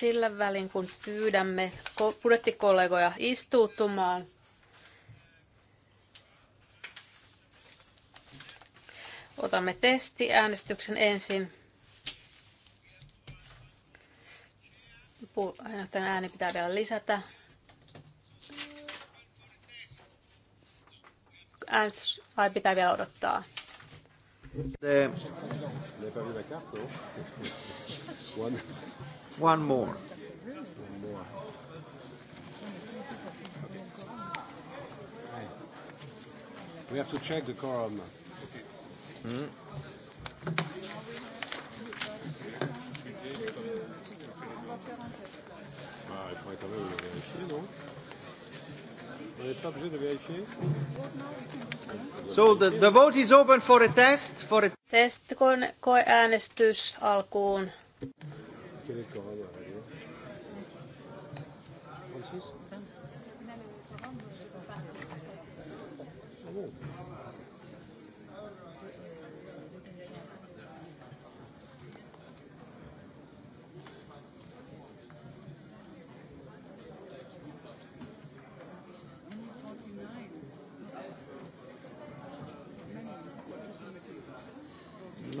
sillä välin, kun pyydämme budjettikollegoja istuutumaan, otamme Äänestyksen ensin. Tämän ääni pitää vielä lisätä. Äänestys, vai pitää vielä odottaa? One. One more. We have to check the quorum. Mm. Bah, il faudrait quand même le vérifier, non So the, the vote is open for a test. For a... Test äänestys alkuun.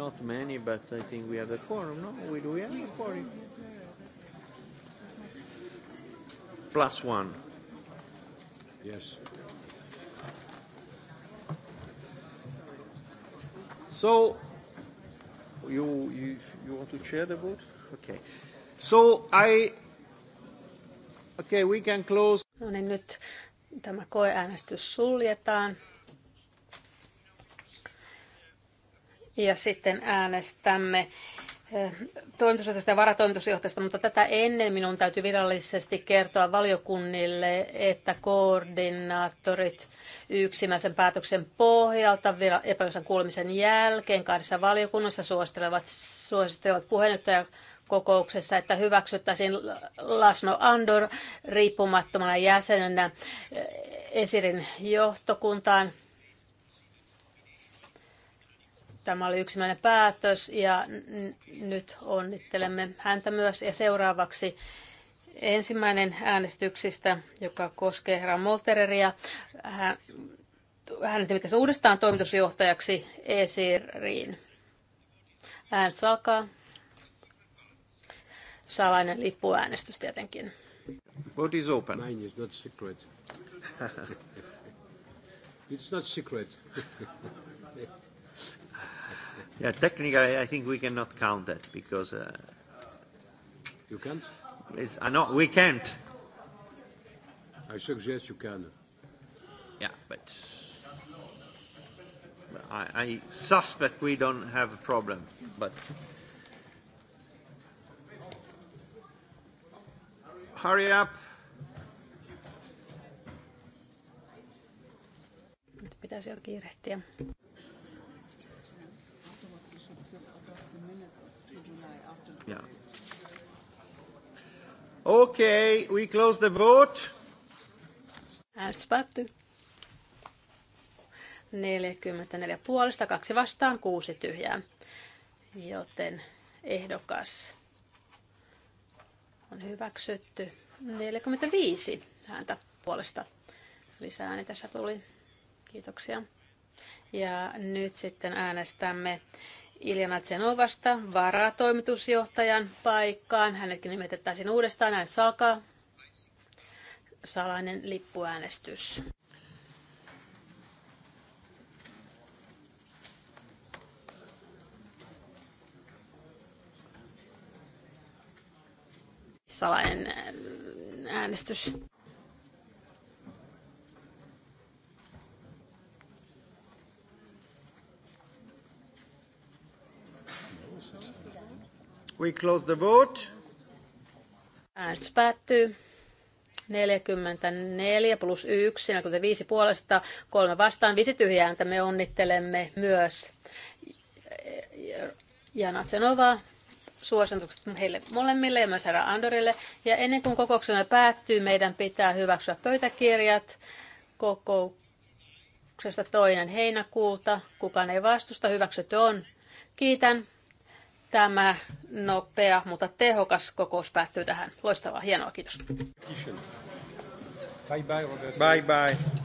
not many, but I think we have the quorum, no? We do we have a quorum? Plus one. Yes. So, you, you, you want to chair the vote? Okay. So, I... Okay, we can close. No niin, nyt tämä koeäänestys suljetaan. ja sitten äänestämme eh, toimitusjohtajasta ja varatoimitusjohtajasta, mutta tätä ennen minun täytyy virallisesti kertoa valiokunnille, että koordinaattorit yksimäisen päätöksen pohjalta epäilyksen kuulemisen jälkeen kahdessa valiokunnassa suosittelevat, suosittelevat puheenjohtaja kokouksessa, että hyväksyttäisiin Lasno Andor riippumattomana jäsenenä eh, Esirin johtokuntaan Tämä oli yksimäinen päätös ja nyt onnittelemme häntä myös. Ja seuraavaksi ensimmäinen äänestyksistä, joka koskee herra Moltereria. Hän, hän nimittäisi uudestaan toimitusjohtajaksi ESIRiin. Äänestys alkaa. Salainen lippuäänestys tietenkin. Vote is open. Mine is not secret. It's not secret. Yeah, technically, I think we cannot count that because. Uh, you can't? It's, uh, no, we can't. I suggest you can. Yeah, but. I, I suspect we don't have a problem, but. Hurry up! Pitäisi jo kiirehtiä. okay, we close the vote. Äänestys päättyy. 44 puolesta, kaksi vastaan, kuusi tyhjää. Joten ehdokas on hyväksytty 45 ääntä puolesta. Lisää ääni tässä tuli. Kiitoksia. Ja nyt sitten äänestämme Iljana Tsenovasta varatoimitusjohtajan paikkaan. Hänetkin nimetettäisiin uudestaan. näin Saka. salainen lippuäänestys. Salainen äänestys. We close the vote. Äänestys päättyy. 44 plus 1, 45 puolesta, 3 vastaan, 5 tyhjääntä. Me onnittelemme myös Jana Tsenovaa suositukset heille molemmille ja myös herra Andorille. Ja ennen kuin kokouksemme päättyy, meidän pitää hyväksyä pöytäkirjat kokouksesta toinen heinäkuuta. Kukaan ei vastusta, hyväksytty on. Kiitän. Tämä nopea, mutta tehokas kokous päättyy tähän. Loistavaa, hienoa, kiitos. Bye bye, Robert. Bye bye.